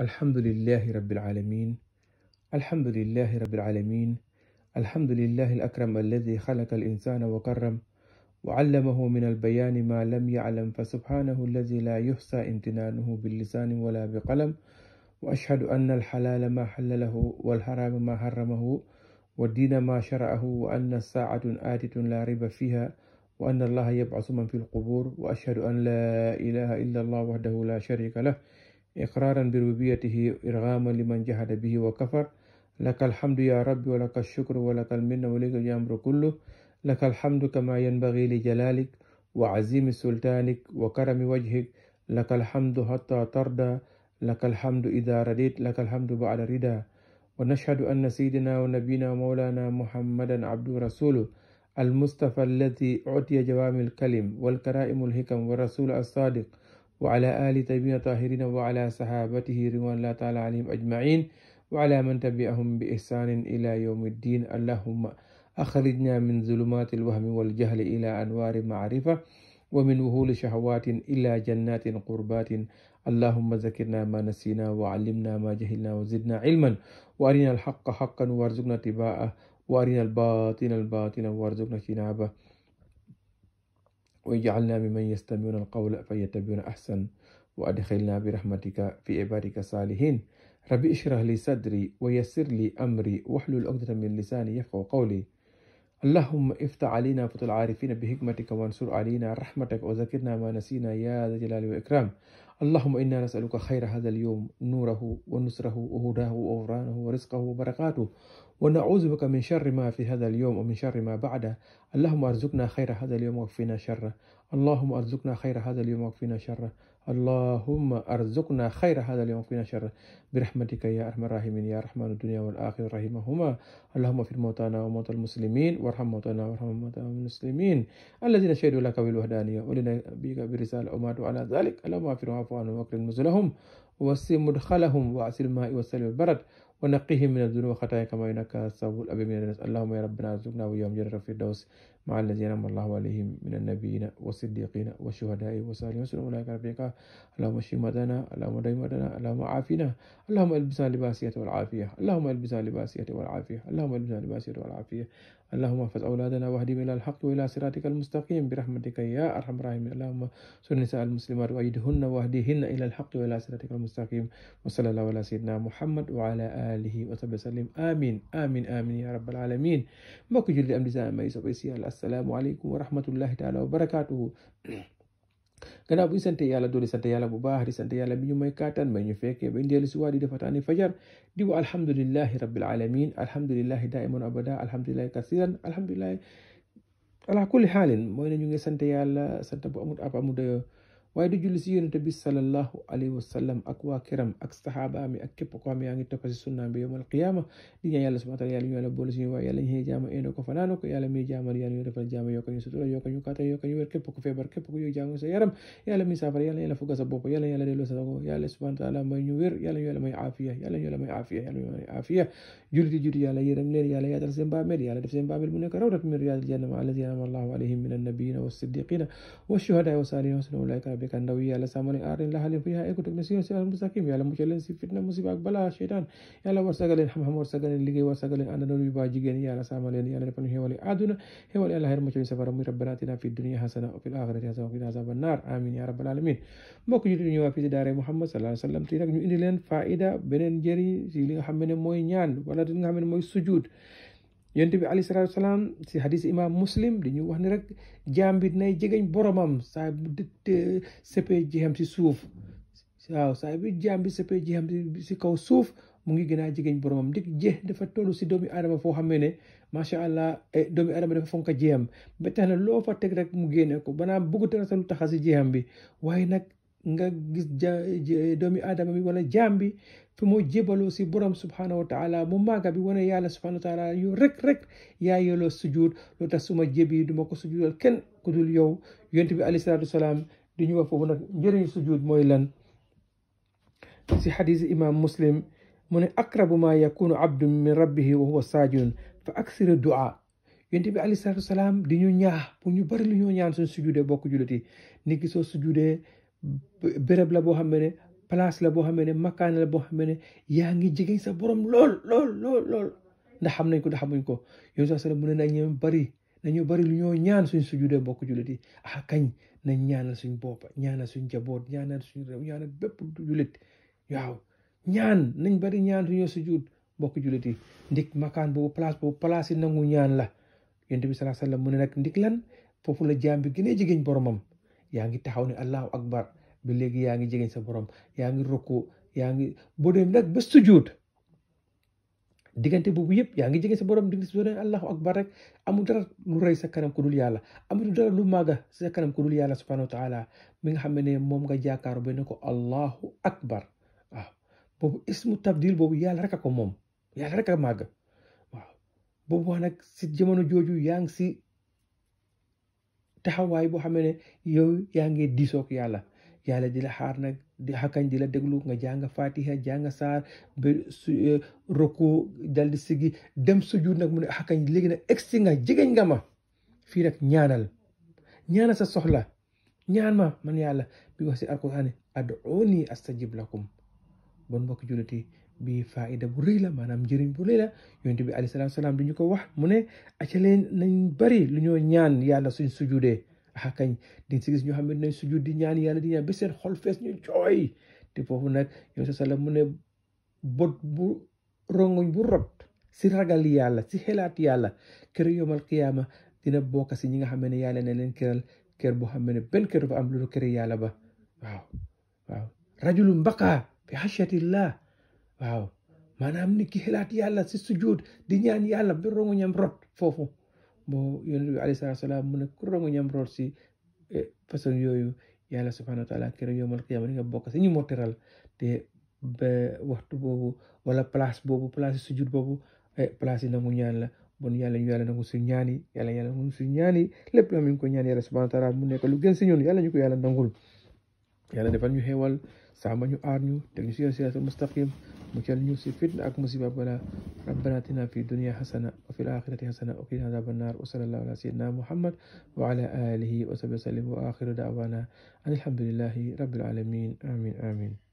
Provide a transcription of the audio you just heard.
الحمد لله رب العالمين الحمد لله رب العالمين الحمد لله الأكرم الذي خلق الإنسان وكرم وعلمه من البيان ما لم يعلم فسبحانه الذي لا يحصى امتنانه باللسان ولا بقلم وأشهد أن الحلال ما حلله والحرام ما حرمه والدين ما شرعه وأن الساعة آتة لا ريب فيها وأن الله يبعث من في القبور وأشهد أن لا إله إلا الله وحده لا شريك له إقرارا بربوبيته إرغاما لمن جحد به وكفر لك الحمد يا رب ولك الشكر ولك المنة ولك الأمر كله لك الحمد كما ينبغي لجلالك وعزيم سلطانك وكرم وجهك لك الحمد حتى ترضى لك الحمد إذا رديت لك الحمد بعد رضا ونشهد أن سيدنا ونبينا ومولانا محمدا عبد رسوله المصطفى الذي أعطي جوامع الكلم والكرائم الحكم والرسول الصادق وعلى آل تيمين طاهرين وعلى صحابته رضوان الله تعالى عليهم أجمعين وعلى من تبعهم بإحسان إلى يوم الدين اللهم أخرجنا من ظلمات الوهم والجهل إلى أنوار معرفة ومن وهول شهوات إلى جنات قربات اللهم ذكرنا ما نسينا وعلمنا ما جهلنا وزدنا علما وأرنا الحق حقا وارزقنا اتباعه وأرنا الباطن الباطن وارزقنا اجتنابه واجعلنا ممن يستمعون القول فيتبعون أحسن وأدخلنا برحمتك في عبادك الصالحين ربي اشرح لي صدري ويسر لي أمري واحلل عقدة من لساني يفقه قولي اللهم افتح علينا فتح العارفين بحكمتك وانصر علينا رحمتك وذكرنا ما نسينا يا ذا الجلال والإكرام اللهم إنا نسألك خير هذا اليوم نوره ونصره وهداه وغفرانه ورزقه وبركاته ونعوذ بك من شر ما في هذا اليوم ومن شر ما بعده اللهم ارزقنا خير هذا اليوم واكفنا شره اللهم ارزقنا خير هذا اليوم واكفنا شره اللهم ارزقنا خير هذا اليوم واكفنا شره برحمتك يا ارحم الراحمين يا رحمن الدنيا والاخره رحمهما اللهم اغفر موتانا وموتى المسلمين وارحم موتانا وارحم موتى المسلمين الذين شهدوا لك بالوحدانيه ولنبيك برساله امات على ذلك اللهم اغفر وعفو عنهم واكرم نزلهم واسم مدخلهم واسل الماء واسل البرد ونقيهم من الذنوب والخطايا كما ينقى الثوب الأبيض من الناس اللهم يا ربنا ارزقنا ويوم جنة الدوس مع الذين أنعم الله عليهم من النبيين والصديقين والشهداء والصالحين وسلم أولئك ربك اللهم اشف مرضانا اللهم دع مرضانا اللهم عافنا اللهم البسنا لباسية والعافية اللهم البسنا لباسية والعافية اللهم البسنا لباسية والعافية اللهم احفظ أولادنا واهدهم إلى الحق وإلى صراطك المستقيم برحمتك يا أرحم الراحمين اللهم سر نساء المسلمات وأيدهن واهديهن إلى الحق وإلى صراطك المستقيم وصلى الله على سيدنا محمد وعلى آله آله وصحبه وسلم آمين آمين آمين يا رب العالمين mbokk julli am di sa may soppay si yàlla asalaamualeykum wa rahmatullahi taala wa barakaatuhu gannaaw bu ñu sante yàlla doole sante yàlla bu baax di sante yàlla bi ñu may kàttan may ñu fekkee ba ndeelu si waa di defataani fajar di wa alhamdulillahi rabbil alamin alhamdulillahi daiman abada alhamdulillahi kasiran alhamdulillahi ala kulli xaalin mooy ne ñu ngi sante yàlla sant bu amut ab amut dayoo waaye di julli si yonente bi salallahu alayhi wasallam ak waa këram ak saxaaba mi ak képp ko xam yaa ngi topp si sunnaam bi yowmal qiyaama di ñaan yàlla subhana taala ñu yàlla boole suñu waaye yàlla ñu jaama endo ko fanaano ko yàlla mi jaamal yàlla ñu defal jaama yokk ñu sutura yokk ñu kaata yokk ñu wér képp ku feebar képp ku yow jaamu sa yaram yàlla mi saafara yàlla yàlla fugga sa bopp yàlla yàlla delloo sa sago yàlla subhana taala may ñu wér yàlla ñu yàlla may aafiya yàlla ñu yàlla may aafiya yàlla ñu may aafiya juliti juliti yàlla yërëm leen yàlla yaatal seen bàmmeel yàlla def seen bàmmeel mu nekk rawdat min riyaadil janna ma allazina anama allahu alayhim min annabiina wasiddiqina washuhada wasalihin wasallam ulaika berikan dawiyya ala samani arin la halin fiha ikut nasir sirat mustaqim ya la mujallan si fitna musibak bala shaitan ya la warsagalen ham ham warsagalen lige warsagalen anda no ba jigen ya la samalen ya la panu hewali aduna hewali ala her mujallan safara mi rabbana atina fid dunya hasana wa fil akhirati hasana wa qina azaban nar amin ya rabbal alamin mbokk ñu ñu wa fi daare muhammad sallallahu alaihi wasallam ti nak ñu indi leen faida beneen jëri ci li nga xam ne mooy ñaan wala li nga xam ne mooy sujud yonent bi alayhi salaatu salaam si hadis imam muslim dañu wax ne rek jaam bi nay jegeñ boromam saa bu sëppee jeexam si suuf waaw saa bi jaam bi sëppee jeexam si kaw suuf mu ngi gën a jegeñ boromam ndik jeex dafa toll si doomi aadama foo xamee ne macha allah e, doomi aadama dafa fonka jeexam ba tax na loo fa teg rek mu génne ko banaa bëggut na sa lu taxa si jeexam bi waaye nag nga gis ja doomi aadama bi wala jaam bi fi moo jébaloo si borom subhanahu wa taala mu maaga bi wane yàlla subhanahu wa taala rek rek yaa yelloo sujud lu tax suma jébi duma ko sujudal kenn ku dul yow yonent bi alayhi salaatu wasalaam di ñu wax foofu nag njëriñ sujud mooy lan si xadis imam muslim mu ne aqrabu ma yakunu abdu min rabbihi wa huwa saajidun fa aksiru du'a yonent bi alayhi salaatu wasalaam di ñu ñaax pour ñu bari lu ñoo ñaan suñ sujudee bokk julati nit ki soo sujudee béréb la boo xam ne place la boo xamee ne makkaan la boo xamee ne yaa ngi jegeñ sa borom lool lool lool lool ndax xam nañ ko ndax xamuñ ko yow sax mu ne nañu bari nañu bari lu ñoo ñaan suñ sujudee mbokk jullit yi ah kañ nañ ñaanal suñ bopp ñaanal suñ jaboot ñaanal suñ réew ñaanal bépp jullit waaw ñaan nañ bari ñaan suñoo sujud mbokk jullit yi ndik makaan boobu place boobu place nangu ñaan la yonent bi sallallahu alayhi wa sallam mu ne nag ndik lan foofu la jaam bi gën a jegeñ boromam yaa ngi taxaw ne allahu akbar ba léegi yaa ngi jege sa borom yaa ngi rukku yaa ngi boo dem nag ba sujud diggante boobu yëpp yaa ngi jege sa borom di allahu akbar rek amul dara lu rëy sa kanam ku dul yàlla amul dara lu màgga sa kanam ku dul yàlla subhanahu wa taala mi nga xam ne moom nga ba ne ko allahu akbar waaw boobu ismu tabdil boobu yàlla rek a ko moom yàlla rek a màgg waaw boobu wax nag si jamono jooju yaa ngi si taxawaay boo xam ne yow yaa ngi diisoog yàlla yàlla di la xaar nag di xakkañ di la déglu nga jàng fatiha jàng saar ba su e, roko dal di dem sujud nag mu ne xakkañ léegi nag egsi nga jegeñ nga ma fii nag ñaanal ñaanal sa soxla ñaan ma man yàlla bi wax si alquran ad'uuni astajib lakum bon mbokk julliti bi faida bu rëy la maanaam njëriñ bu rëy la bi alayhi salaam di ñu ko wax mu ne aca leen bari lu ñoo ñaan yàlla suñ sujudee ah kañ di si gis nañ ya sujud di ñaan yàlla di ñaan ba seen xol fees ñu jooy te mu ne bot bu rongoñ bu rot si ragal yàlla si xelaat yàlla kër yomal qiyaama dina bokk si ñi nga xam ne yàlla ne leen këral kër boo xam ne benn kër dafa am lu kër yàlla ba waaw waaw mbaqa fi waaw ni ki si sujud di ñaan yàlla ba rongoñam rot moo yonent bi aleyhi salaatu salaam mu ne ku rongo ñam root si e, façon yooyu yàlla subhaanahu wa taala kër yoomal qiyaama di nga bokk si ñu moo teral te ba waxtu boobu wala place boobu place sujud boobu e, place na nangu ñaan la bon yàlla ñu yàlla nangu suñu ñaan yi yàlla yàlla nangu suñu ñaan yi lépp la ñu ko ñaan yàlla subhaanahu wa taala mu nekk lu gën si ñun yàlla ñu ko yàlla nangul yàlla defal ñu xéewal sàmm ñu aar ñu teg ñu si yoon siraatal mustaqim مجال نيوسي فتن اك مصيبه بلا ربنا اتنا في الدنيا حسنه وفي الاخره حسنه وقنا عذاب النار وصلى الله على سيدنا محمد وعلى اله وصحبه وسلم واخر دعوانا الحمد لله رب العالمين امين امين